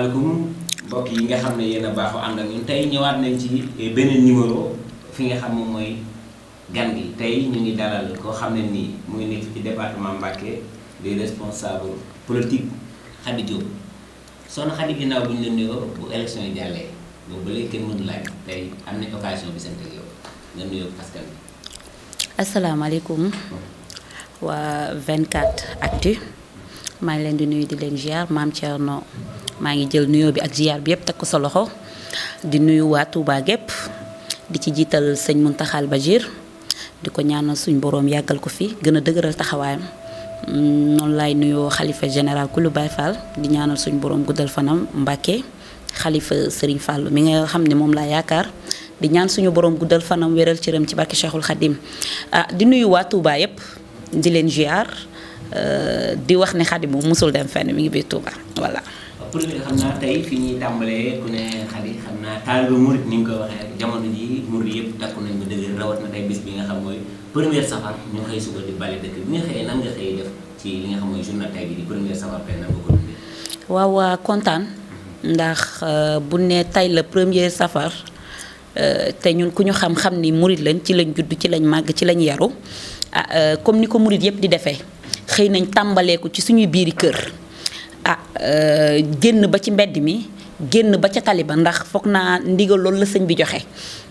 asalaamaaleykum mbokk yi nga xam ne yéen a baaxu ànd ak ñun tey ñëwaat nañ ci beneen numéro fi nga xam moom mooy gan gi tey ñu ngi dalal koo xam ne nii muy nekk ci département Mbacké di responsable politique Khady Diop soxna Khady ginnaaw bu ñu la nuyoo bu élection yi jàllee boobu ba léegi kenn mënu laaj tey am nañ occasion bi sant ak yow nga nuyoo askan bi asalaamaaleykum waa 24 actu maa ngi leen di nuyu di leen ziar maam Thierno. maa ngi jël nuyoo bi ak ziar bi yëpp teg ko sa loxo di nuyu waa Touba gépp di ci jiital sëñ Muntaxal Bachir di ko ñaanal suñu boroom yàggal ko fi gën a dëgëral taxawaayam mm, noonu laay nuyoo xalifa général Kulu Baye Fall di ñaanal suñu boroom guddal fanam Mbàkke xalifa Serigne Fall mi nga xam ne moom laa yaakaar di ñaan suñu borom guddal fanam wéral cëram ci barke Cheikhul Khadim ah di nuyu waa Touba yëpp di leen ziar euh, di wax ne Khadim moom mosul dem fen mi ngi biir Touba voilà. première xam naa tey ko mooy première safar ko dundee waaw kontaan mhm. ndax euh, bu ne tey la première safar euh, te ñun ku ñu xam-xam ni murit lañ ci lañ judd ci lañ màgg ci lañ yaru ah euh, comme ni ko murit yëpp di defee xëy nañ tàmbalee ko ci suñuy biiri kër ah euh, génn ba ci mbedd mi génn ba ca taliba ndax foog naa ndigal loolu sëñ bi joxe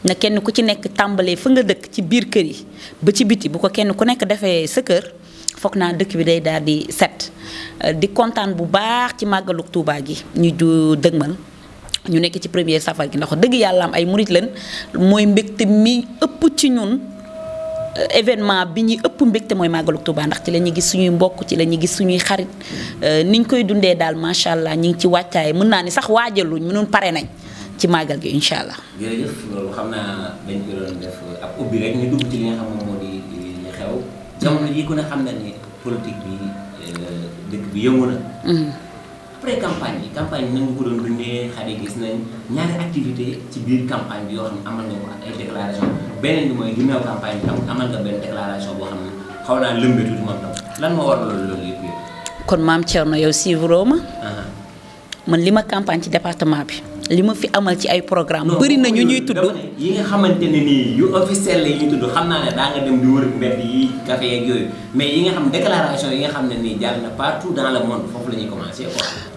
na kenn ku ci nekk tàmbalee fa nga dëkk ci biir kër yi ba ci biti bu ko kenn ku nekk defee sa kër foog naa dëkk bi day daal di set euh, di kontaan bu baax ci màggalu tuubaa gi ñu ju dëgmal ñu nekk ci premier safar gi ndax dëgg yàlla am ay murit leen mooy mbégte mi ëpp ci ñun événement bi ñuy ëpp mbégte mooy màggal Touba ndax ci la ñuy gis suñuy mbokk ci la ñuy gis suñuy xarit ni euh, niñ koy dundee daal macha allah ñu ngi ci wàccaay mën naa ni sax waajal lu ñu mënoon pare nañ ci màggal gi incha allah. jërëjëf loolu xam naa dañ ko moo di li xew ne xam na ni politique bi euh, dëkk bi yëngu na. Mm-hmm. après campagne yi campagne yi nañu ko doon dundee xale gis nañ ñaari activité ci biir campagne bi yoo xam ne amal nga ko benn déclaration boo xam ne xaw naa lëmbe tuuti moom tam lan moo war loolu loolu yëpp yëpp kon maam Thierno yow suivre ma man li ma campagne ci département bi li ma fi amal ci ay programme bëri nañu ñuy tudd yi nga xamante ne nii yu officiel la ñuy tudd xam naa ne daa nga dem di wër mbedd yi café yeeg yooyu mais yi nga xam déclaration yi nga xam ne nii jàll na partout dans le monde foofu la ñuy commencé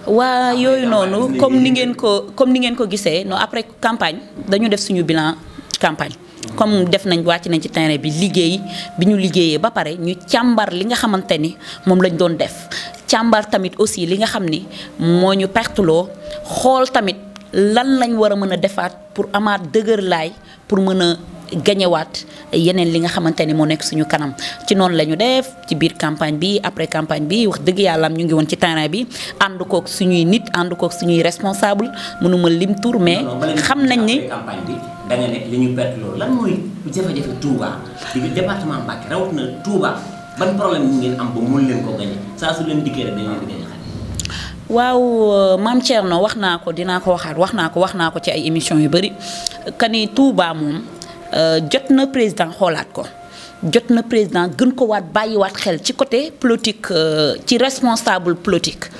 waa yooyu noonu comme ni ngeen ko comme ni ngeen ko gisee noo après campagne dañu def suñu bilan campagne comme def nañ wàcc nañ ci terrain bi liggéey bi ñu liggéeyee ba pare ñu càmbar li nga xamante ni moom lañ doon def càmbar tamit aussi li nga xam ni moo ñu pertuloo xool tamit lan lañ war a mën a defaat pour amaat dëgër laay pour mën a gañewaat yeneen li nga xamante ni moo nekk suñu kanam ci noonu la ñu def ci biir campagne bi après campagne bi wax dëgg yàlla am ñu ngi woon ci terrain bi ànd kook suñuy nit ànd kook suñuy responsable mënuma lim tour mais xam da nga ne li ñu perte loolu lan mooy jafe-jafe Touba di département Mbacké rawatina Touba ban problème mu ngeen am ba mun leen ko gañe saa su leen dikkee rek dañ leen waaw euh, maam Thierno wax naa ko dinaa ko waxaat wax naa ko wax naa ko ci ay émissions yu bëri que ni Touba moom euh, jot na président xoolaat ko. jot na président gën ko waat bàyyiwaat xel ci côté politique euh, ci responsable politique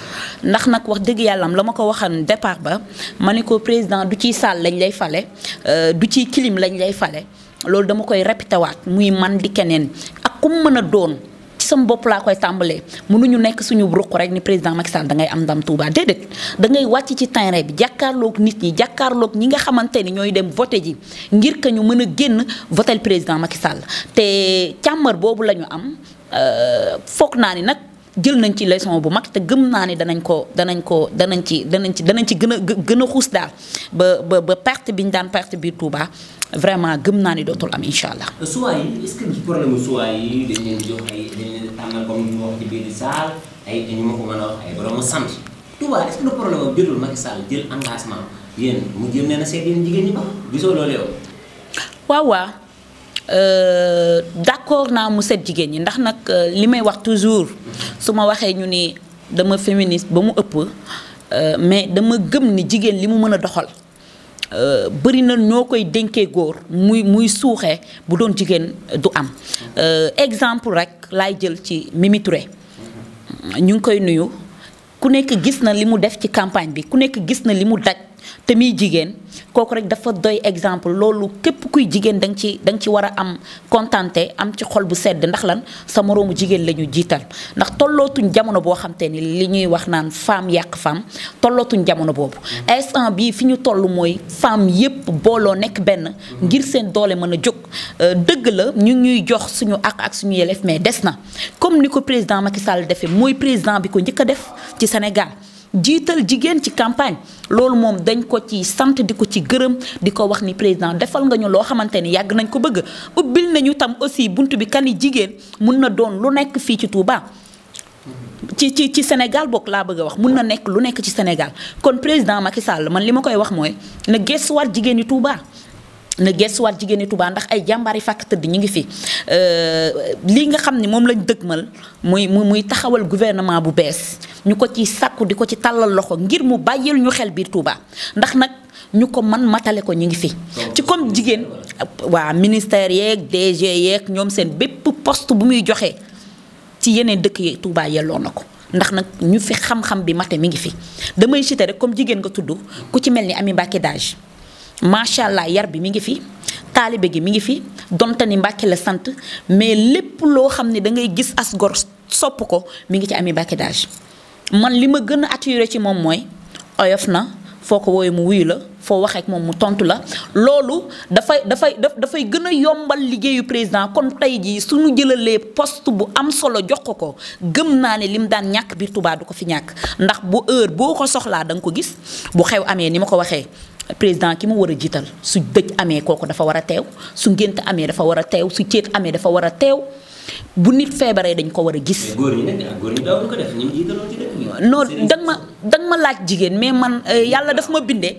ndax nag wax dëgg yàllam la ma ko waxan départ ba ma ne ko président du ciy saal lañ lay fale euh, du ciy kilim lañ lay fale loolu dama koy répété waat muy man di keneen ak kum mën a doon ci sama bopp laa koy tàmbalee mënuñu nekk suñu ruq rek ni président Macky Sall da am ndam Touba déedéet da ngay wàcc ci terrain bi jàkkaarloog nit ñi jàkkaarlook ñi nga xamante ni ñooy dem voté ji ngir que ñu mën a génn votel président Macky Sall te càmbar boobu la ñu am euh, foog naa ni nag. jël nañ ci leçon bu mag te gëm naa ni danañ ko danañ ko danañ ci danañ ci danañ ci gën a gën a xuus daal ba ba ba perte bi ñu daan perte biir Touba vraiment gëm naa ni dootul am incha allah. Euh, suwaay yi est-ce que problème suwaay yi dañ leen jox ay dañ leen wax ci biir saal ay dañu ma ko mën a wax ay borom sant Touba est-ce que le problème am jotul Macky Sall jël engagement yéen mu jëm nee na seet yéen jigéen ñi ba gisoo loolu yow. waaw Euh, d'accord naa mu set jigéen ñi ndax nag euh, li may wax toujours su ma waxee ñu ni dama féministe ba mu ëpp euh, mais dama gëm ni jigéen li mu mën a doxal bëri na ñoo koy dénkee góor muy muy suuxee bu doon jigéen du am exemple rek laay jël ci Mimi ñu ngi koy nuyu ku nekk gis na li mu def ci campagne bi ku nekk gis na li mu daj te mi jigéen kooku rek dafa doy exemple loolu képp kuy jigéen da ci da ci war a am kontante am ci xol bu sedd ndax lan sa moroomu jigéen la ñu jiital ndax tollootuñ jamono boo xam ni li ñuy wax naan femme yàq femme tollootuñ jamono boobu mm. instant bii fi ñu toll mooy femme yépp booloo nekk benn mm. ngir seen doole mën a jóg euh, dëgg la ñu ñuy jox suñu àq ak suñu yelef mais des na comme ni ko président Macky Sall defee mooy président bi ko njëkk a def ci Sénégal jiital jigéen ci campagne loolu moom dañ ko ci sant di ko ci gërëm di ko wax ni président defal nga ñu loo xamante ni yàgg nañ ko bëgg ubbil nañu tam aussi bunt bi kani jigéen mun na doon lu nekk fii ci Touba. ci ci ci Sénégal bokk laa bëgg a wax mun na nekk lu nekk ci Sénégal kon président Macky Sall man li ma koy wax mooy na gëstuwaat jigéen yi tuubaa na gestuwaat jigéeni Touba ndax ay jàmbaari fàkk tëdd ñu ngi fi euh, lii nga xam ne moom lañ dëgmal muy muy muy taxawal gouvernement bu bees ñu ko ci sàkku di ko ci tàllal loxo ngir mu bàyyil ñu xel biir Touba ndax nag ñu ko man matale ko ñu ngi fi ci comme jigéen waa ministère yeeg DG yeeg ñoom seen bépp poste bu muy joxe ci yeneen dëkk yi Touba yelloo na ko ndax nag ñu fi xam-xam bi mate mi ngi fi damay citer rek comme jigéen nga tudd ku ci mel ni Ami Mbacké macha allah yar bi mi ngi fi taalibe gi mi ngi fi donte ni Mbàkke la sant mais lépp loo xam ne dangay gis as gor sopp ko mi ngi ci Ami Mbàkke Daaj man li ma gën a attiré ci moom mooy oyof na foo ko woowee mu wuyu la foo waxee ak moom mu tontu la loolu dafay dafay dafay gën a yombal liggéeyu président kon tey jii suñu jëlalee post bu am solo jox ko ko gëm naa ne li mu daan ñàkk biir tubaab du ko fi ñàkk ndax bu heure boo ko soxlaa da nga ko gis bu xew amee ni ma ko waxee président ki mu war a jiital su dëj amee kooku dafa war a teew su ngént amee dafa war a teew su céet amee dafa war a teew bu nit feebaree dañ ko war a gis. góor ñi nag ma danga ma laaj jigéen mais man euh, yàlla dafa ma bindee.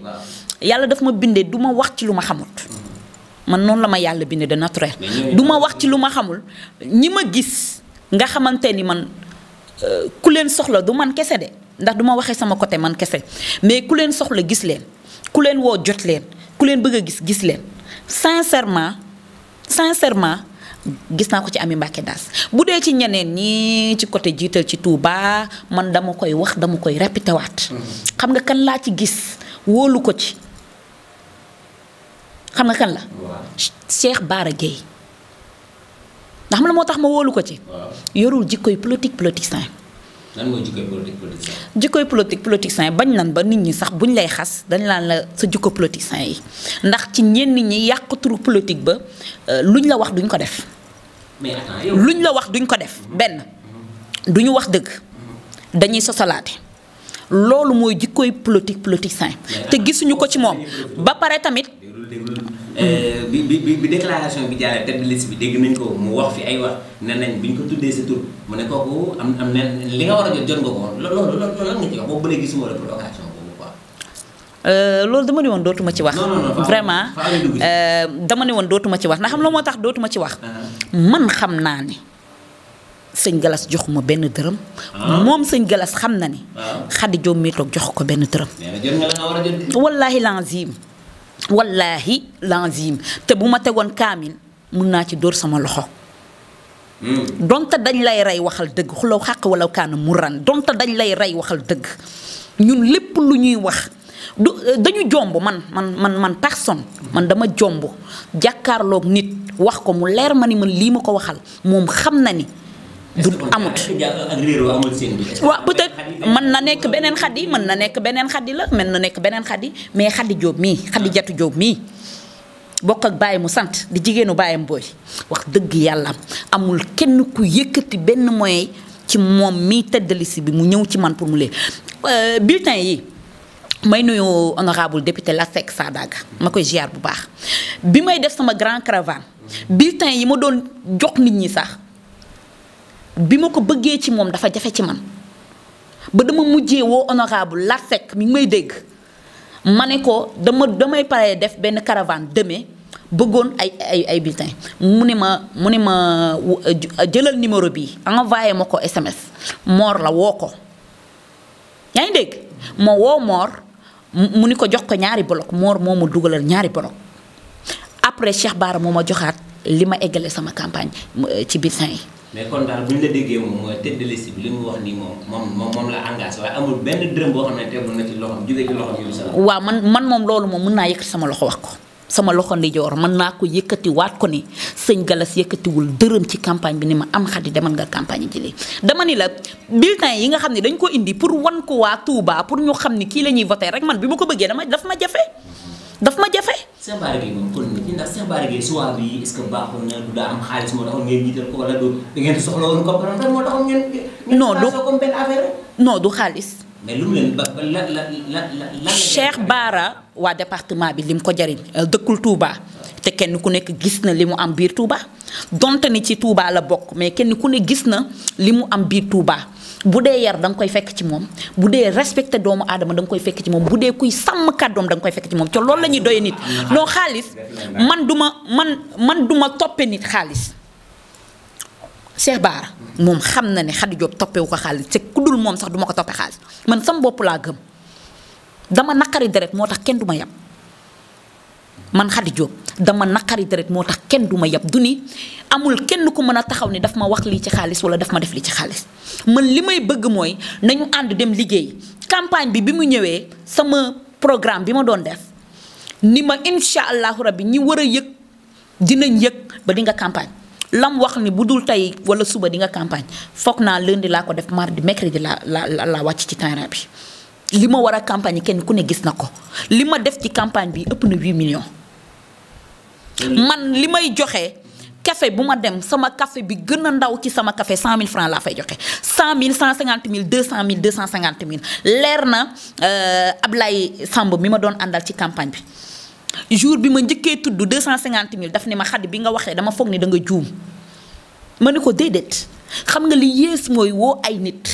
yàlla dafa ma bindee du ma wax ci lu ma xamut. Mm-hmm. man noonu la ma yàlla bindee de naturel. du ma wax ci lu ma xamul ñi ma gis nga xamante ni man euh, ku leen soxla du man kese de ndax duma waxee sama côté man kese mais ku leen soxla gis leen. ku leen woo jot leen ku leen bëgg a gis gis leen sincèrement sincèrement gis naa ko ci Ami Mbacke Daas bu dee ci ñeneen ñi ci côté jiital ci Touba man dama koy wax dama koy répété waat. Mhm. xam nga kan laa ci gis woolu ko ci xam nga kan la. Cheikh Bara Gueye ndax xam la moo tax ma woolu ko ci. yorul jikkoy politique politicien lan mooy jikkoy politique politicien. jikkoy politique politicien bañ nan ba nit ñi sax buñ lay xas dañ laan la sa jikko politicien yi ndax ci ñenn ñi yàq turu politique ba euh, luñ la wax duñ ko def. mais luñ la wax duñ ko def mhm. benn duñu wax dëgg mhm. dañuy sosalaate loolu mooy jikkoy politique politicien te gisuñu ko ci moom ba pare tamit. déglu euh, bi bi bi déclaration bi jàllee tête ko mu wax fi ay wax ne nañ bi ñu ko tuddee ne kooku am am nen li nga war loolu dama ne woon dootuma ci wax. vraiment euh, dama ne woon dootuma ci wax ndax xam la moo tax dootuma ci wax. Uh-huh. man xam naa ni sëñ Galas joxuma benn dërëm. Uh-huh. moom sëñ Galas xam na ni. xadi joom toog jox ko benn dërëm. wallaahi lazim wallaahi lanzim te bu ma tegoon kaamin mun naa ci dóor sama loxo. Hmm. donte dañ lay rey waxal dëgg xulaw xàq wala kaana mu ran dont dañ lay rey waxal dëgg ñun lépp lu ñuy wax du dañu jomb man man man man personne man dama jomb jàkkaarloog nit wax ko mu leer ma ni man lii ma ko waxal moom xam na ni. du amut waaw peut-être mën na nekk beneen xaddi mën na nekk beneen xaddi la mën na nekk beneen xaddi mais xaddi jóob mii xaddi jatu jóob mii bokk ak bàyyi mu sant di jigéenu bàyyam booy wax dëgg yàlla amul kenn ku yëkkati benn mooy ci moom mii tëddali si bi mu ñëw ci man pour mu lee euh, bulletin yi may nuyu honorable député saa Sadaga ma koy ziar bu baax bi may def sama grand caravane bulletin yi ma doon jox nit ñi sax bi ma ko bëggee ci moom dafa jafe ci man ba dama mujjee woo honorable Larsec mi ngi may dégg ma ne ko dama damay paree def benn caravane deme bëggoon ay ay ay bulletin mu ne ma mu ne ma euh, euh, jëlal numéro bi envoyé ma ko SMS moor la woo ko yaa ngi dégg ma woo Mor mu ni ko jox ko ñaari bloc moor moo ma dugalal ñaari bloc après Cheikh Bara moo ma joxaat li ma eggale sama campagne euh, ci bulletin yi. mais kon daal bu ñu la déggee moom mooy tête de liste bi li mu wax nii moom moom moom la engagé waaye amul benn dërëm boo xam ne tegul na waaw man man moom loolu moom mën naa sama loxo wax ko sama loxo ndijoor mën naa ko yëkkati waat ko ni sëñ Galas yëkkatiwul dërëm ci campagne bi ni ma am xadi demal nga campagne ji dama ni la bulletin yi nga xam ne dañ ko indi pour wan ko waa Touba pour ñu xam ni kii la ñuy voté rek man bi ma ko bëggee dama dafa ma jafe. daf ma jafe. Cheikh Bara Gueye moom kon nit ñi ndax Cheikh Bara du daa am waa département bi lim ko jariñ euh, dëkkul tuubaa te kenn ku nekk gis na li mu am biir Touba donte ni ci Touba la bokk mais kenn ku ne gis na li mu am biir Touba. bu dee yar da nga koy fekk ci moom bu dee respecté doomu aadama da nga koy fekk ci moom bu dee kuy sàmm kàddoom da nga koy fekk ci moom te loolu la ñuy nit non xaalis man du ma man man du ma toppe nit xaalis Cheikh Bara moom xam na ne Khady Diop toppewu ko xaalis te ku dul moom sax duma ko toppe xaalis man sama bopp laa gëm dama naqari deret moo tax kenn du ma yab man Khady Diop dama naqari deret moo tax kenn du ma yab du ni amul kenn ku mën a taxaw ni daf ma wax lii ci xaalis wala daf ma def li ci xaalis man li may bëgg mooy nañu ànd dem liggéey campagne bi bi mu ñëwee sama programme bi ma doon def ni ma incha allahu bi ñu war a yëg dinañ yëg ba di nga campagne lam wax ni bu dul tey wala suba di nga campagne foog naa lundi laa ko def mardi mercredi la la la wàcc ci terrain bi li ma war a campagne kenn ku ne gis na ko li ma def ci campagne bi ëpp na 8 millions. Mm. man li may joxe café bu ma dem sama café bi gën a ndaw ci sama kafe cent mille francs laa fay joxe 100000 150000 200000 250000 leer na ab euh, Ablaye Samb bi ma doon àndal ci campagne bi. jour bi ma njëkkee tudd cent 250000 daf ne ma xaddi bi nga waxee dama foog ni da nga juum ma ne ko déedéet xam nga li yées mooy woo ay nit.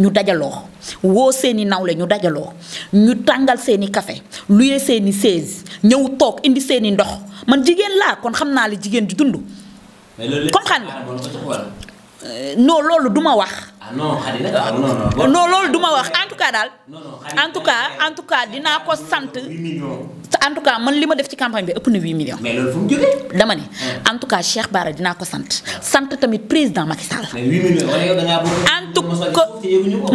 ñu dajaloo woo seeni nawle ñu dajaloo ñu tàngal seeni lu luyee seeni chaise ñëw toog indi seeni ndox man jigéen laa kon xam naa li jigéen di dund. comme xam nga euh, loolu duma wax. Ah, ah, non non loolu duma wax en tout cas daal. en tout cas en tout cas dinaa ko sant. en tout cas man li ma def ci campagne bi ëpp na 8 millions. mais loolu fu mu jógee dama ne ah. en tout cas dinaa ko sant sant tamit président Macky Sall.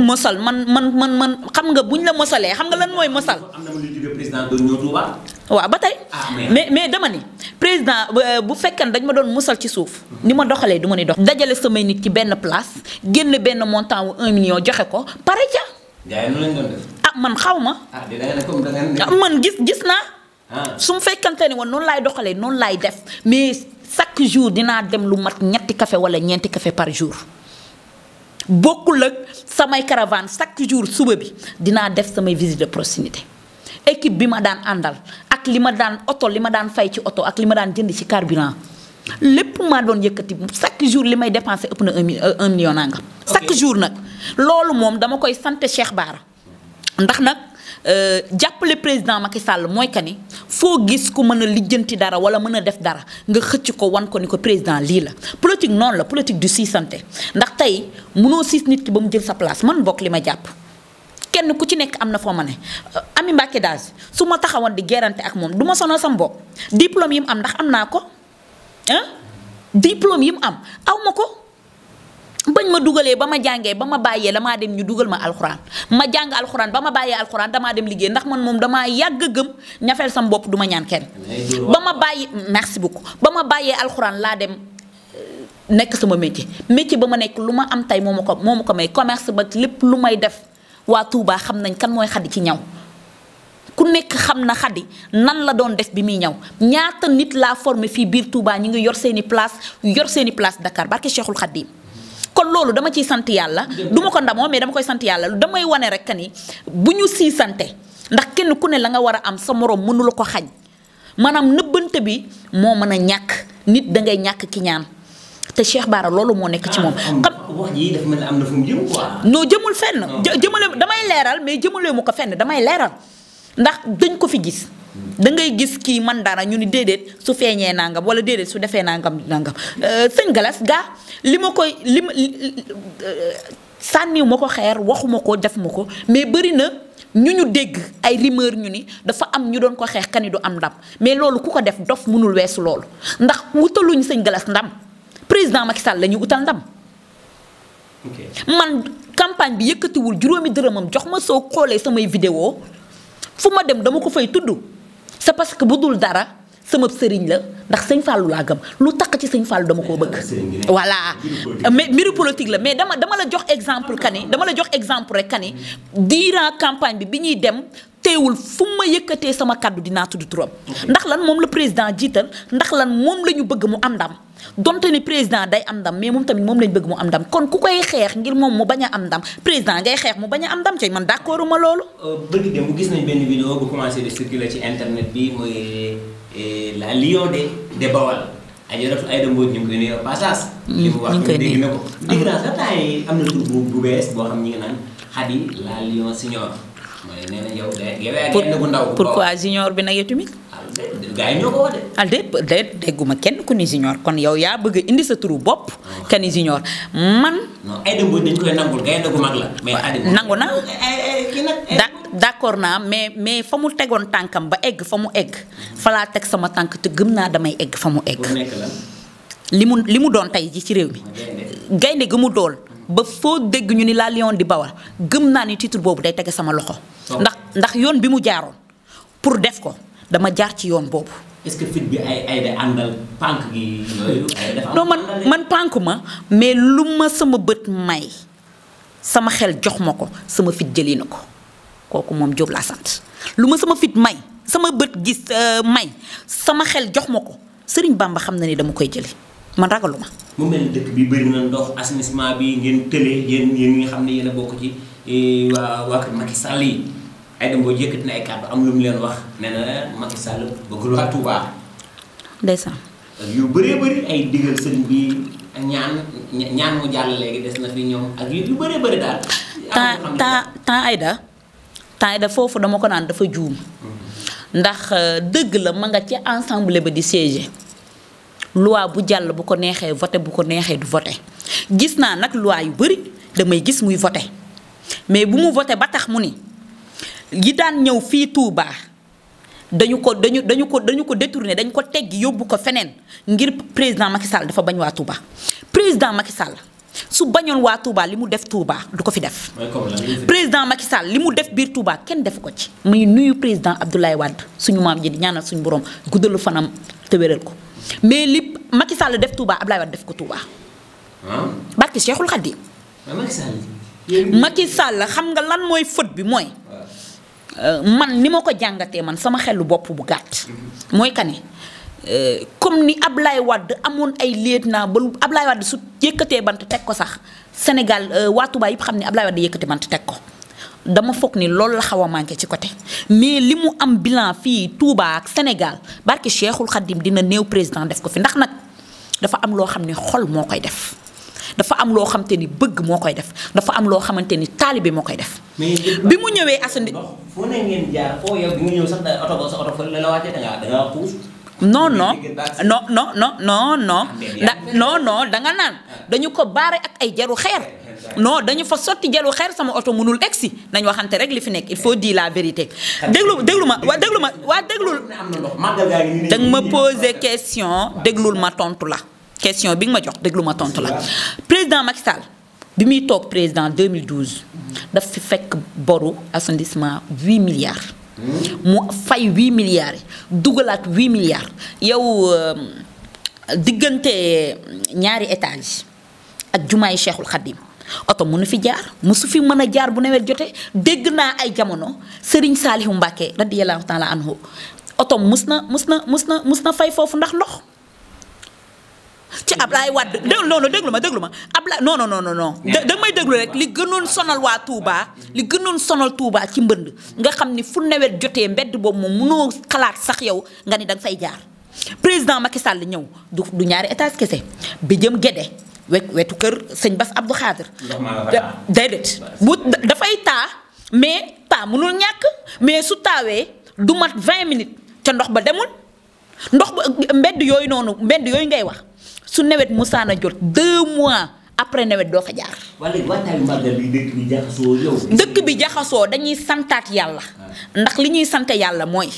mosal man man man man xam nga buñ la mosalee xam nga lan mooy mosal. waaw ba tey. Ah, mais mais dama ni président bu euh, fekkee dañ ma doon mosal ci suuf. ni ma doxalee du ma ni dox. dajale samay nit ci benn place génn benn montant wu un million joxe ko pare ca. ah man xaw ma. Ah, ah, man gis gis naa. su mu fekkante ni wan noonu laay doxalee noonu laay def mais chaque jour dinaa dem lu mat ñetti kafe wala ñeenti kafe par jour. bokkul ak samay caravane chaque jour suba bi dinaa def samay visite de proximité équipe bi ma daan àndal ak li ma daan oto li ma daan fay ci oto ak li ma daan jënd ci carburant lépp ma doon yëkkati chaque jour li may dépensé ëpp na euh, un million nangam chaque jour nag loolu moom dama koy sant Cheikh Bara ndax nag Euh, jàppale président Macky Sall mooy que ni foo gis ku mën a lijjanti dara wala mën a def dara nga xëcc ko wan ko ni ko président lii la politique noonu la politique du sii santé ndax tey mënoo siis nit ki ba mu jël sa place man mbokk li ma jàpp kenn ku ci nekk am na foo ma ne euh, Amy Mbacké Daje su ma taxawoon di gérante ak moom du ma sonal sam bopp diplôme yi mu am ndax am naa ko ah diplôme yi mu am aw ma ko bañ ma dugalee ba ma jàngee ba ma bàyyee maa dem ñu dugal ma alxuraan ma jàng alxuraan ba ma bàyyee alxuraan damaa dem liggéey ndax man moom damaa yàgg a gëm ñafeel sam bopp duma ma ñaan kenn. ba ma bàyyi merci beaucoup ba ma bàyyee alxuraan laa dem euh, nekk sama métier métier ba ma nekk lu ma am tey moom ma ko moo ma ko may commerce ba lépp lu may def waa Touba xam nañ kan mooy xadi ci ñaw. ku nekk xam na xadi nan la doon def bi muy ñaw ñaata nit laa formé fii biir Touba ñu ngi yor seeni place yor seeni place Dakar barke Cheikhul Khadim kon loolu dama ciy sant yàlla du ko ndamoo mais dama koy sant yàlla damay wane rek ni bu ñu sii sante ndax kenn ku ne la nga war a am sa moroom mënula ko xañ maanaam nëbbante bi moo mën a ñàkk nit da ngay ñàkk ki te Cheikh Bara loolu moo nekk ci moom. Ah, xam wax ji dafa mel na fu mu jëm jëmul fenn. jëmale damay leeral mais jëmale mu ko fenn damay leeral ndax dañ ko fi gis. da ngay gis kii man dara ñu ni déedéet su feeñee nangam wala déedéet su defee nangam nangam euh, sëñ Galas gaa li ma koy li ma euh, sànniw ma ko xeer waxuma ko def ma ko mais bari na ñu ñu dégg ay rumeur ñu ni dafa am ñu doon ko xeex kani du am ndam mais loolu ku ko def dof mënul weesu loolu ndax wutaluñu sëñ Galas ndam président Macky Sall la ñu utal ndam. man campagne bi yëkkatiwul juróomi dërëmam jox ma soo xoolee samay vidéo fu ma dem dama ko fay tudd. c'est parce que bu dul dara sama sëriñ la ndax sëñ Fallou laa gëm lu takk ci sëñ Fallou dama koo bëgg. voilà euh, mais mbiru politique la mais dama dama la jox exemple kani dama la jox exemple rek kani durant campagne bi bi ñuy dem. teewul fu ma yëkkatee sama kàddu dinaa tudd trop ndax lan moom la président jiital ndax lan moom la ñu bëgg mu am ndam donte ni président day am ndam mais moom tamit moom lañ bëgg mu am ndam kon ku koy xeex ngir moom mu bañ a am ndam président ngay xeex mu bañ a am ndam ci man d'accordu ma loolu. bëgg dem bu gis nañ benn vidéo bu commencé di circuler ci internet bi mooy euh, la lion de de Bawal. Ajaratu Aïda Mbodj ñu ngi koy mm, ko. dégg am na tur xam ngi naan Khady la lion pourquoi junior bi nag yow tamit. gaa yi ñoo ko wax de. dégguma kenn ku ni junior kon yow yaa bëgg a indi sa turu bopp. Oh. ka junior man. non ay dëgg la. mais nangu na eh, eh, eh, d'accord naa mais mais fa mu tegoon tànkam ba egg fa mu egg. Mm-hmm. fa laa teg sama tànk te gëm naa damay egg fa mu egg. li mu li mu doon tey ji ci réew mi. gaynde gi mu dool ba foo dégg ñu ni la lion di bawal gëm naa ni titre boobu day tege sama loxo. ndax ndax yoon bi mu jaaroon pour def ko dama jaar ci yoon boobu. est man man pànk ma mais lu ma sama bët may sama xel jox ma ko sama fit jëlee na ko kooku moom Diop laa sant lu ma sama fit may sama bët gis euh, may sama xel jox ma ko Serigne Bamba xam na ni dama koy jëlee. man ragaluma. mu mel dëkk bi bëri na ndox assainissement bi ngeen tëlee yéen yéen xam ne yéen bokk ci eh, waa waa kër yi ay dem boo yëkkati na ay kàddu am lu mu leen wax nee na Macky Sall bëggul waa Touba. ndeysaan. bi ak ñaan ñaan mu jàll yu bëree bëri temps temps temps foofu dama ko naan dafa juum. Mm-hmm. ndax euh, dëgg la ma nga ci ensemble ba di siéger. loi bu jàll bu ko neexee voté bu ko neexee du voté gis naa nag loi yu bëri damay gis muy voté mais bu mu voté ba tax mu ni yi daan ñëw fii Touba dañu ko dañu dañu ko dañu ko détourné dañu ko teggi yóbbu ko feneen ngir président Macky Sall dafa bañ waa Touba président Macky Sall su bañoon waa Touba li mu def Touba du ko fi def. président Macky Sall li mu def biir Touba kenn def ko ci. muy nuyu président Abdoulaye Wade suñu maam ji di ñaanal suñu borom guddalu fanam te wéral ko mais li Macky Sall def Touba Abdoulaye def ko Touba. barki Cheikhul Khadim. Sall xam nga lan mooy fët bi mooy. Euh, man ni ma ko jàngatee man sama xelu bopp bu gàtt. Mm-hmm. mooy kane Euh, comme ni Ablaye Wade amoon ay lieutenant ba Ablaye Wade su yëkkatee bant teg ko sax Sénégal euh, waa Touba yëpp xam ne Ablaye Wade yëkkate bant teg ko dama foog ni loolu la xaw a manqué ci côté mais li mu am bilan fii Touba ak Sénégal barke Cheikhul Khadim dina néew président def ko fi ndax nag dafa am loo xam ne xol moo koy def. dafa am loo xam xamante ni bëgg moo koy def dafa am loo xamante ni taalibe moo koy def. bi mu ñëwee Assane. non no no non non non no ah, da non non danga naan dañu ko baare ak ay jaru xeer non dañu fa sotti jaru xeer sama oto mënul si nañ waxante rek li fi nekk il faut di la vérité déglu déglu ma waa déglu ma waa déglul nga ma poser question déglul ma tontu la question bi nga ma jox déglu ma tontu la président Macky bi muy toog président 2012 daf fi fekk boru assendissement 8 milliards mu fay huit milliards yi dugalaat huit milliards yow euh, diggante ñaari étage ak jumaay Cheikhul Khadim oto nu fi jaar su fi mën a jaar bu nawet jotee dégg naa ay jamono Serigne Saliou Mbacké radiyallahu taala anhu oto mus na mus na mus na mus na fay foofu ndax ndox ci Ablaye Wade dé noonu déglu ma déglu ma Ablaye non non non non danga may déglu rek li gënoon sonal waa Touba li gënoon sonal Touba ci mbënd nga xam ni fu nawet jotee mbedd boobu moom mënoo xalaat sax yow nga ni danga fay jaar président Macky Sall ñëw du du ñaari étage kese bi jëm Gédé wet wetu kër sëñ Bass Abdou Khadir déedéet bu dafay taa mais taa mënul ñàkk mais su taawee du mat 20 minutes ca ndox ba demul ndox ba mbedd yooyu noonu mbedd yooyu ngay wax su nawet musaana jot deux mois après nawet doo fa jaar. dëkk bi jaxasoo dañuy santaat yàlla. Ah. ndax li ñuy sante yàlla mooy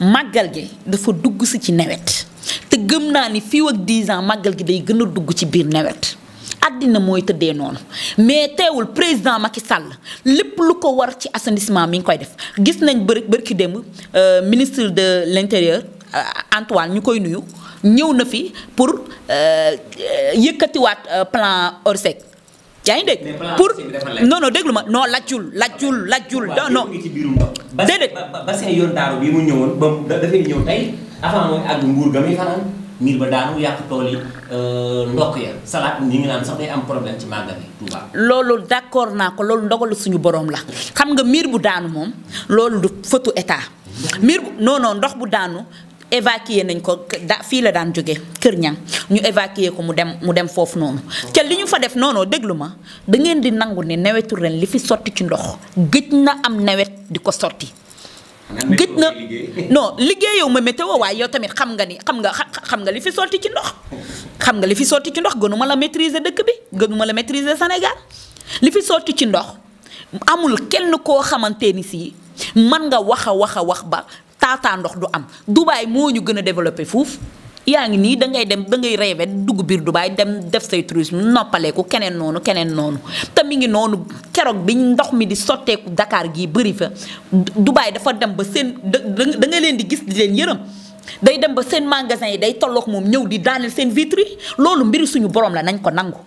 màggal gi dafa dugg si ci nawet te gëm naa ni fii ak 10 màggal gi day gën a dugg ci biir nawet. àddina mooy tëddee noonu mais teewul président Macky Sall lépp lu ko war ci assainissement mi ngi koy def gis nañ bër bërki démb euh, ministre de l' Euh, Antoine ñu koy nuyu ñëw na fi pour euh, yëkkatiwaat euh, plan Orsec. yaa ngi dégg pour non non déglu ma non laajul laajul laajul. waaw non déedéet. bassin yoon daaru bi mu ñëwoon ba dafay ñëw tey avant mooy àgg nguur ga muy fanaan miir ba daanu yàq tool yi ndokk ya salaat ñi ngi naan sax day am problème ci màggal yi loolu d' naa ko loolu ndogalu suñu boroom la xam nga miir bu daanu moom loolu du fëtu état. Mm-hmm. miir bu non ndox bu daanu évacuer nañ ko da fii la daan jóge Kër Ñang ñu évacuer ko mu dem mu dem foofu noonu ca li ñu fa def noonu déglu ma da di nangu ne nawetu ren li fi sotti ci ndox gëj na am nawet di ko sotti gëj na non liggéeyew ma météo waaye yow tamit xam nga ni xam nga xam nga li fi sotti ci ndox xam nga li fi sotti ci ndox gënuma la maîtriser dëkk bi gënuma la maîtriser Sénégal li fi sotti ci ndox amul kenn koo xamante ni si mën nga wax a wax a wax ba taataa ndox du am Dubaay moo ñu gën a développé fuuf yaa ngi nii da ngay dem da ngay rêvé dugg biir Dubaay dem def say tourisme noppaleeku keneen noonu keneen noonu te mi ngi noonu keroog bi ndox mi di sotteeku dakaar gii bëri fa Dubaay dafa dem ba seen da da nga leen di gis di leen yërëm. day dem ba seen magasin yi day tolloog moom ñëw di daaneel seen vitre loolu mbiri suñu borom la nañ ko nangu.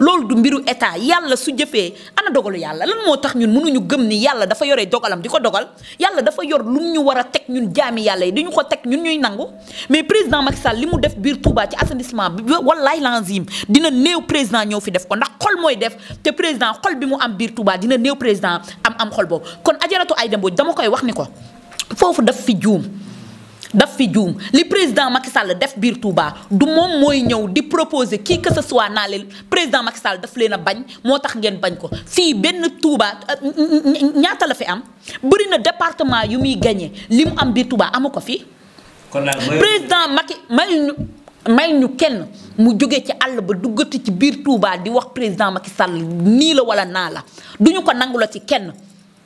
loolu du mbiru état yàlla su jëfee ana dogalu yàlla lan moo tax ñun munuñu gëm ni yàlla dafa yore dogalam di ko dogal yàlla dafa yor lu ñu war a teg ñun jaami yàlla yi di ñu ko teg ñun ñuy nangu mais président Macky Sall li mu def biir Touba ci assainissement bi wallaay lanzim dina néew président ñëw fi def ko ndax xol mooy def te président xol bi mu am biir Touba dina néew président am am xol boobu kon ajaratu ay dembooj dama koy wax ni ko fi li président Macky Sall def biir Touba du moom mooy ñëw di proposer kii que ce soit naa leen président Macky Sall daf leen a bañ moo tax ngeen bañ ko fii benn Touba euh, ñaata la fi am bëri na département yu muy gagné li mu am biir Touba amu ko fi. kon président Macky may ñu may ñu kenn mu jóge ci àll ba duggati ci biir Touba di wax président Macky Sall nii la wala naa la duñu ko nangu la ci kenn.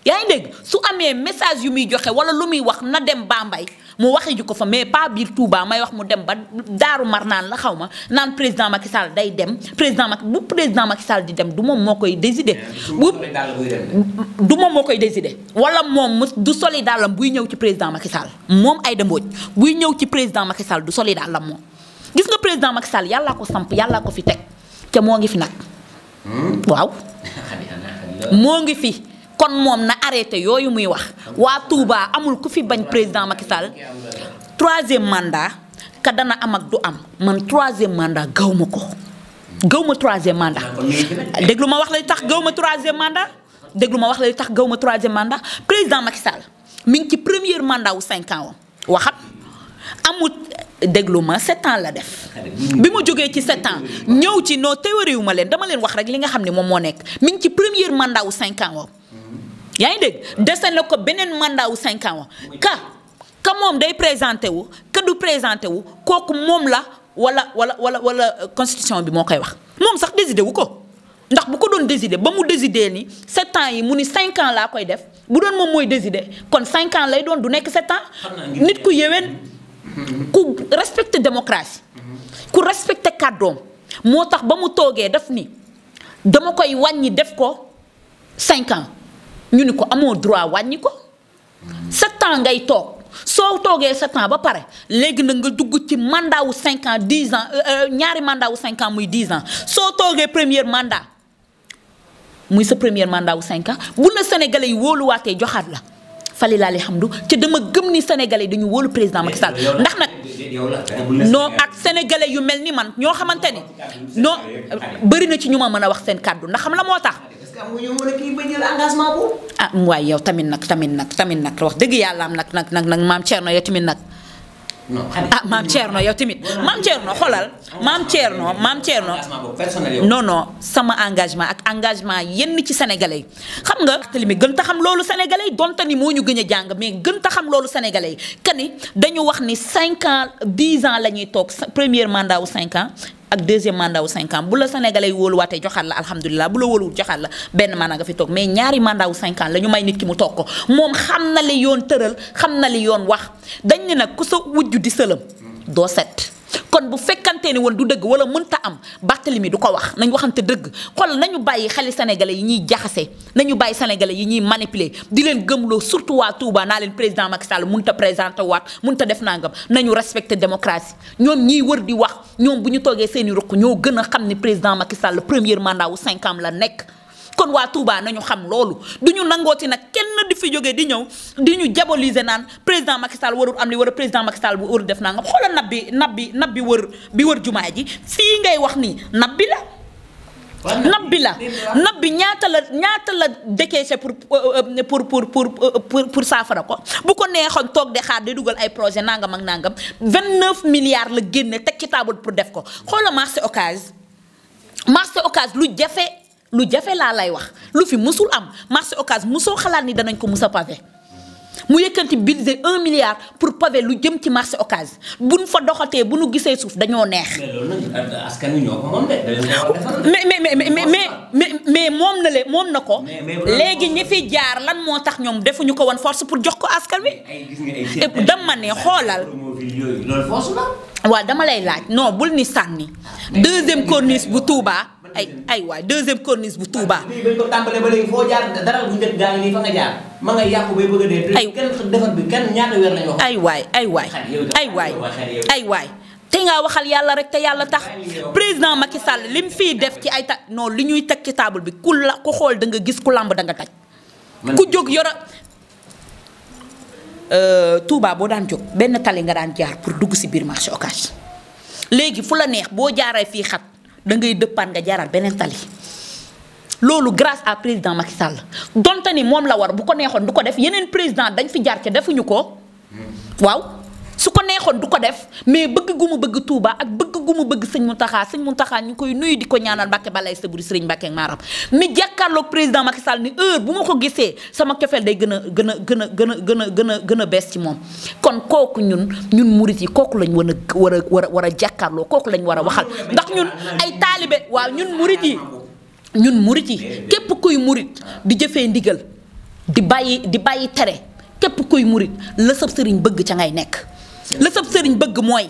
yaa ngi su amee message yu muy joxe wala lu muy wax na dem baa mbay mu waxi ji ko fa mais pas biir Touba may wax mu dem ba daaru mar naan la xaw ma naan président Macky Sall day dem président Macky bu président Macky Sall di dem du moom moo koy décider. bu du moom moo koy désidé wala moom du soli dàllam buy ñëw ci président Macky Sall moom Aïda Mbodj buy ñëw ci président Macky Sall du soli dàllam moom. gis nga président Macky Sall yàllaa ko samp yàllaa ko fi teg te moo ngi fi nag. Hmm? waaw moo ngi fi. kon moom na arrêté yooyu muy wax waa Touba amul ku fi bañ président Macky Sall troisième mandat ka dana am ak du am man troisième mandat gaw ma ko gaw ma troisième mandat déglu ma wax lay tax gaw ma troisième mandat déglu wax lay tax gaw ma troisième mandat président Macky Sall mi ngi ci première mandat wu cinq ans waxat amut déglu ma sept ans la def bi ma jógee ci sept ans ñëw ci noo théorie wu ma leen dama leen wax rek li nga xam ne moom moo nekk mi ngi ci première mandat wu cinq ans yaa ngi dégg dese na ko beneen mandat wu cinq ans wa ka ka moom day présenté wu ka du présenté wu kooku moom la wala wala wala wala euh, constitution bi moo koy wax moom sax décidé wu ko ndax bu ko doon décidé ba mu décidé ni sept ans yi mu ni cinq ans laa koy def bu doon moom mooy décidé kon cinq ans lay doon du nekk sept ans nit ku yéwén mhm. ku respecté démocratie mhm. ku respecté kàddoom moo tax ba mu toogee def ni dama koy wàññi def ko cinq ans ñu ni ko amoo droit wàññi ko sept ngay toog soo toogee sept ba pare léegi na nga dugg ci mandat wu cinq ans dix euh, euh, ñaari mandat wu cinq muy dix ans soo toogee première mandat muy sa premier mandat wu cinq ans bu la sénégalais yi wóoluwaatee joxaat la fali laa du xamdu ci dama gëm ni sénégalais dañu wóolu président Macky Sall ndax nag non ak sénégalais yu mel ni man ñoo xamante ni non bëri na ci ñu ma mën a wax seen kàddu ndax xam la moo tax que amuñu mën ah, waaye yow tamit nag tamit nag tamit nag wax dëgg yàlla am nag nag nag maam Thierno yow tamit nag. ah maam Thierno yow tamit maam Thierno xoolal maam Thierno maam Thierno noo non sama engagement ak engagement yenn ci sénégalais yi xam nga li mi gën ta xam loolu sénégalais yi donte ni moo ñu gën a jàng mais gën ta xam loolu sénégalais yi kani dañu wax ni cinquant ans dix ans la ñuy toog premier mandat wu cinq ak deuxième mandat wu cinq ans bu la sénégalais yi wóoluwaatee joxaat la alhamdulilah bu la wóoluwul joxaat la benn mandat nga fi toog mais ñaari mandat wu cinq ans la ñu may nit ki mu toog ko moom xam na li yoon tëral xam na li yoon wax dañ ne nag ku sa wujj di sëlëm doo set kon bu fekkante ne woon du dëgg wala mënta am Barthélemy du ko wax nañu waxante dëgg xool nañu bàyyi xale sénégalais yi ñuy jaxase nañu bàyyi sénégalais yi ñuy manipuler di leen gëmloo surtout waa Touba naa leen président Macky Sall mënta présenté waat munta def nangam nañu respecté démocratie ñoom ñiy wër di wax ñoom bu ñu toogee seeni ruq ñoo gën a xam ni président Macky Sall premier mandat wu cinq ans la nekk. kon waa Touba nañu xam loolu du ñu nangooti nag kenn di fi jógee di ñëw di ñu diaboliser naan président Macky warul am li wala président Macky Sall bu warul def naa nga xoolal nab bi nab bi nab bi wër bi wër jumaa ji fii ngay wax nii nab bi la. nab bi la nab bi ñaata la ñaata la décaissé pour euh, euh, euh, pour pour pour pour saafara ko bu ko neexoon toog de xaar di dugal ay projet nangam ak nangam 29 milliards la génne teg ci taabul pour def ko xoola marché Ocass marché Ocass lu jafe. lu jafe laa lay wax lu fi musul am marché Ocass musoo xalaat ni danañ ko musa pavé mu yëkkanti budget un milliard pour pavé lu jëm ci marché Ocass bu nu fa doxatee bu nu gisee suuf dañoo neex. mais mais mais mais mais moom na le moom na ko. léegi ñi fi jaar lan moo tax ñoom defuñu ko woon force pour jox ko askan wi. dama ne xoolal. waaw dama lay laaj non bul ni sànni. deuxième corniche bu Touba. ay ay waay deuxième corniche bu Touba. lii bañ ko tàmbalee ba léegi foo jaar dara bu ma nga yàqu bay bëgg ay kenn defar bi kenn ñaata ay waay ay waay ay waay ay waay. te ngaa waxal yàlla rek te yàlla tax président Macky Sall li mu fiy def ci ay ta non li ñuy teg ci taabul bi ku la ku xool da nga gis ku làmb da nga taj. ku jóg yora euh, Touba boo daan jóg benn tali nga daan jaar pour dugg si biir marché Ocass léegi fu la neex boo jaaree fii xat. da ngay dëppaat nga jaaraat beneen tali. loolu grace à président Macky Sall donte ni moom la war bu ko neexoon du ko def yeneen président dañ fi jaar ca defuñu ko hmm. waaw. su ko neexoon du ko def mais bëgg gu mu bëgg Touba ak bëgg gu mu bëgg sëñ mu Mountakha sëñ mu taxaa ñu koy nuyu di ko ñaanal Mbàkke balay sa buri sëriñ Mbàkke ak maaram mi jàkkaarloog président Macky Sall ni heure bu ma ko gisee sama cofeel day gën a gën a gën a gën a gën a gën a gën a bees ci moom kon kooku ñun ñun murit yi kooku lañu war a war a war a war a jàkkaarloo kooku lañu war a waxal ndax ñun ay taalibe waaw ñun murit yi ñun murit yi képp kuy murit di jëfee ndigal di bàyyi di bàyyi tere képp kuy murit la sab sëriñ bëgg ca ngay nekk la sëriñ bëgg mooy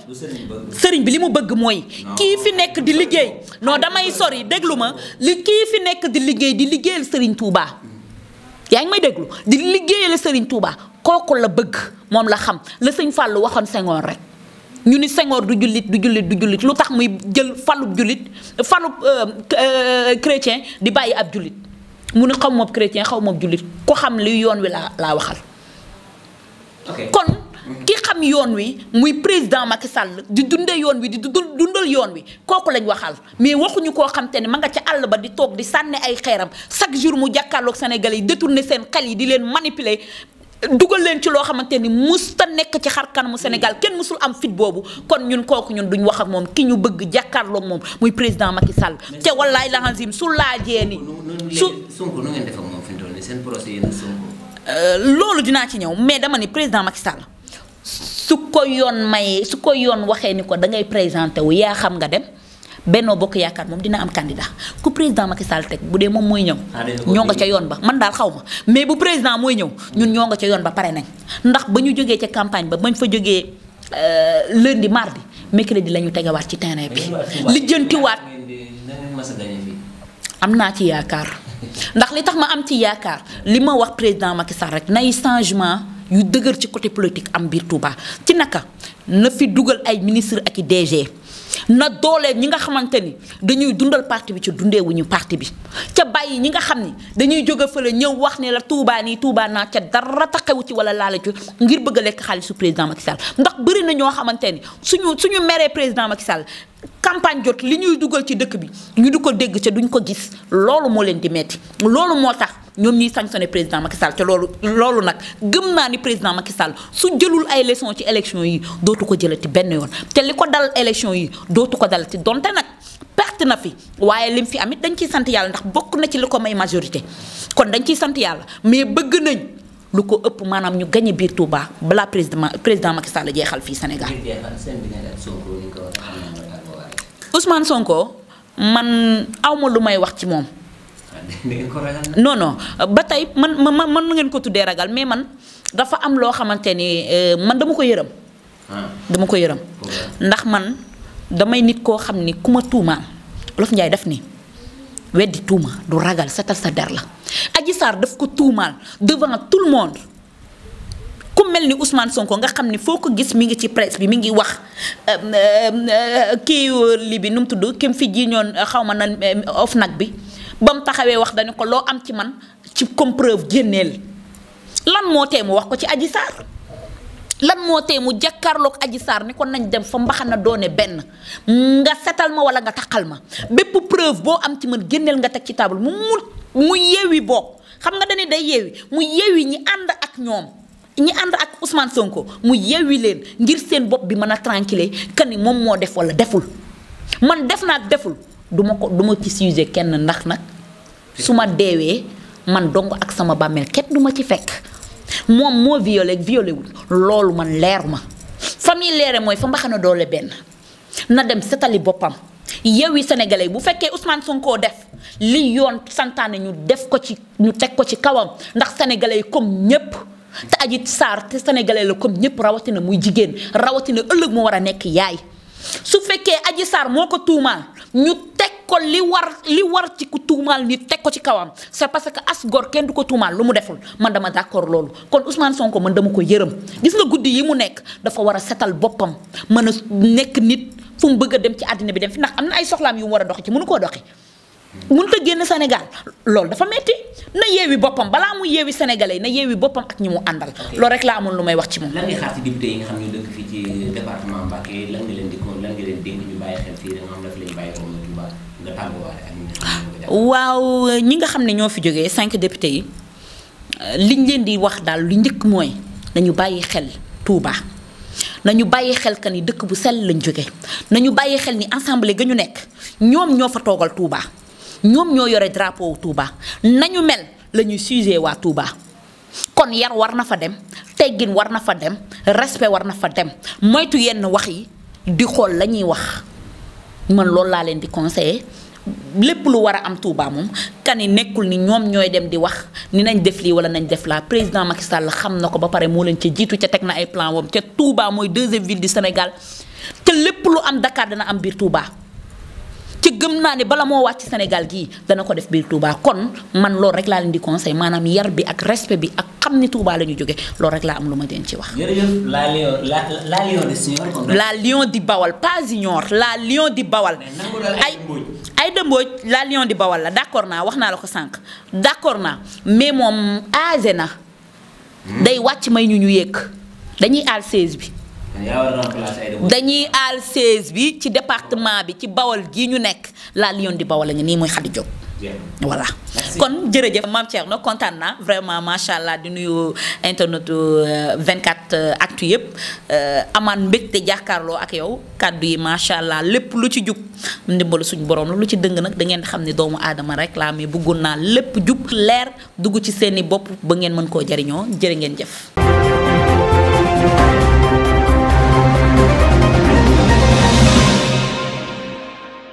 sëriñ bi li mu bëgg mooy kii fi nekk di liggéey non damay sori déglu ma li kii fi nekk di liggéey di liggéeyal sëriñ Touba yaa ngi may déglu di liggéeyal sëriñ Touba kooku la bëgg moom la xam la sëñ Fallou waxoon Senghor rek ñu ni Senghor du jullit du jullit du jullit lu tax muy jël falub jullit falub euh, euh, chrétien di bàyyi ab jullit mu ni xaw ma chrétien xaw ma jullit ku xam li yoon wi laa laa waxal ki xam yoon wi muy président Macky sàll di dundee yoon wi di dundal yoon wi kooku lañ waxal mais waxuñu koo xam te ne ma nga ca àll ba di toog di sànni ay xeeram chaque jour mu jàkkaarloog Sénégalais yi ne seen xel yi di leen manipuler. dugal leen ci loo xamante ni mus ta nekk ci xar kanamu Sénégal kenn musul am fit boobu kon ñun kooku ñun duñ wax ak moom ki ñu bëgg jàkkaarloog moom muy président Macky Sall. te wallaay la hanzim su laajee ni. su Sonko nu ngeen seen procès yéen Sonko. Euh, loolu dinaa ci ñëw mais dama ni président Macky Sall. su ko yoon mayee su ko yoon waxee ni ko dangay ngay présenté wu yaa xam nga dem Benno Bokk Yaakaar moom dina am candidat ku président Macky Sall teg bu dee moom mooy ñëw. Ah, ñoo nga ca yoon ba man daal xaw ma mais bu président mooy ñëw ñun ñoo nga ca yoon ba pare nañ ndax ba ñu jógee ca campagne ba bañ fa jógee euh, lundi mardi mercredi la ñu tegewaat ci terrain bi. lijjantiwaat am naa ci yaakaar ndax li tax ma am ci yaakaar li ma wax président Macky Sall rek nay changement. yu dëgër ci côté politique am biir Touba ci naka na fi dugal ay ministre ak i DG na doole ñi nga xamante ni dañuy dundal parti bi ci dundee dundeewuñu parti bi ca bàyyi ñi nga xam ni dañuy jóge fële ñëw wax ne la Touba nii Touba naa ca dara taxewu ci wala laala ci ngir bëgg a lekk xaalisu président Macky Sall ndax bëri na ñoo xamante ni suñu suñu meree président Macky Sall campagne jot li ñuy dugal ci dëkk bi ñu di ko dégg ca duñ ko gis loolu moo leen di metti loolu moo tax ñoom ñuy sanctionné président Macky Sall ca loolu loolu nag gëm naa ni président Macky Sall su jëlul ay leçon ci élection yi dootu ko jëlati benn yoon te li ko dal élection yi dootu ko dalati donte nag perte na fi waaye lim fi amit dañ ciy sant yàlla ndax bokk na ci li ko may majorité kon dañ ciy sant yàlla mais bëgg nañ lu ko ëpp maanaam ñu gagné biir Touba balaa président président Macky Sall jeexal fii Sénégal. Ousmane Sonko man awma lu may wax ci moom. non ba tey man man man ngeen ko tuddee ragal mais man dafa am loo xamante ni euh, man dama ko yërëm. Ah. dama ko yërëm. ndax man damay nit koo xam ni ku ma tuumaal Olof Njaay daf ni weddi tuuma du ragal setal sa der la Adji Sarr daf ko tuumaal devant tout le monde. ku mel ni Ousmane Sonko nga xam ni foo ko gis mu ngi ci presse bi mu ngi wax euh, euh, euh, kii li bi nu mu tudd kim fi ji ñoon xaw ma of nag bi ba mu taxawee wax dañu ko loo am ci man ci comme preuve génneel lan moo tee mu wax ko ci Adji Sarr lan moo tee mu jàkkaarloog Adji Sarr ni ko nañ dem fa mbaxana doone benn nga setal ma wala nga taqal ma bépp preuve boo am ci man génneel nga teg ci table mu mu mu yeewi bokk xam nga dañu day yeewi mu yeewi ñi ànd ak ñoom ñi ànd ak Ousmane Sonko mu yewwi leen ngir seen bopp bi mën a tranquille que ni moom moo def wala deful man def naa deful duma ko du ma ci sujet kenn ndax nag su ma deewee man dong ak sama bàmmeel kenn du ma ci fekk moom moo violé violé wul loolu man leer ma fa leere mooy fa mbaxana doole benn na dem setali boppam yewwi sénégalais bu fekkee Ousmane sonkoo def li yoon santaane ñu def ko ci ñu teg ko ci kawam ndax sénégalais yi comme ñépp te Adji saar te sénégalais la comme ñëpp rawatina muy jigéen rawatina ëllëg mu war a nekk yaay su fekkee Adji saar moo ko tuumaal ñu teg ko li war li war ci ku tuumaal nit teg ko ci kawam c'est parce que as gor kenn du ko tuumaal lu mu deful man dama d'accord loolu kon Ousmane Sonko man dama ko yërëm gis nga guddi yi mu nekk dafa war a setal boppam mën a nekk nit fu mu bëgg a dem ci àddina bi dem fi ndax am na ay soxlaam yu mu war a doxi ci mënu koo doxi mun a génn Sénégal loolu dafa metti na yeewi boppam balaa mu yeewi sénégalais na yeewi boppam ak ñi mu àndal. loolu rek laa amoon lu may wax ci moom. lan ngay xaar ci député ñi waaw ñi nga xam ne ñoo fi jógee cinq députés yi liñ leen di wax daal lu njëkk mooy nañu bàyyi xel Touba. nañu bàyyi xel ka ni dëkk bu sell lañ jóge nañu bàyyi xel ni assemblée ga ñu nekk ñoom ñoo fa toogal Touba ñoom ñoo yore drapeau Touba nañu mel la ñuy sujet waa Touba kon yar war na fa dem teggin war na fa dem respect war na fa dem moytu yenn wax yi di xool la ñuy wax man loolu laa leen di conseiller lépp lu war a am Touba moom kan yi nekkul ni ñoom ñooy dem di wax ni nañ def lii wala nañ def laa président Macky Sall xam na ko ba pare moo leen ca jiitu ca teg na ay plan woom ca Touba mooy deuxième ville du Sénégal te lépp lu am Dakar dana am biir Touba. gëm naa ne bala moo wàcc Sénégal gii dana ko def biir Touba kon man loolu rek laa leen di conseil maanaam yar bi ak respect bi ak xam ni Touba la ñu jóge loolu rek laa am lu ma leen ci wax. jërëjëf la lion la la lion di bawal pas Signor lion di bawal. ay ay dëmbooj la lion di bawal la d' accord naa wax naa la ko sànq d' accord naa mais moom aase na. Hmm. day wàcc may ñu ñu yéeg dañuy aal 16 bi. dañuy aal 16 bi ci département bi ci bawal gii ñu nekk la yoon di bawal la ñu nii mooy Khady Diop. voilà kon jërëjëf maam Thierno kontaan naa vraiment macha allah di nuyu euh, internetu euh, vingt 24 euh, actu yëpp amaan mbégte jàkkaarloo ak yow kàddu yi macha allah lépp lu ci jub ndimbalu suñu borom la lu ci dëng nag da ngeen xam ni doomu aadama rek laa mais bëggoon naa lépp jub leer dugg ci seeni bopp ba ngeen mën koo jariñoo jërë ngeen jëf.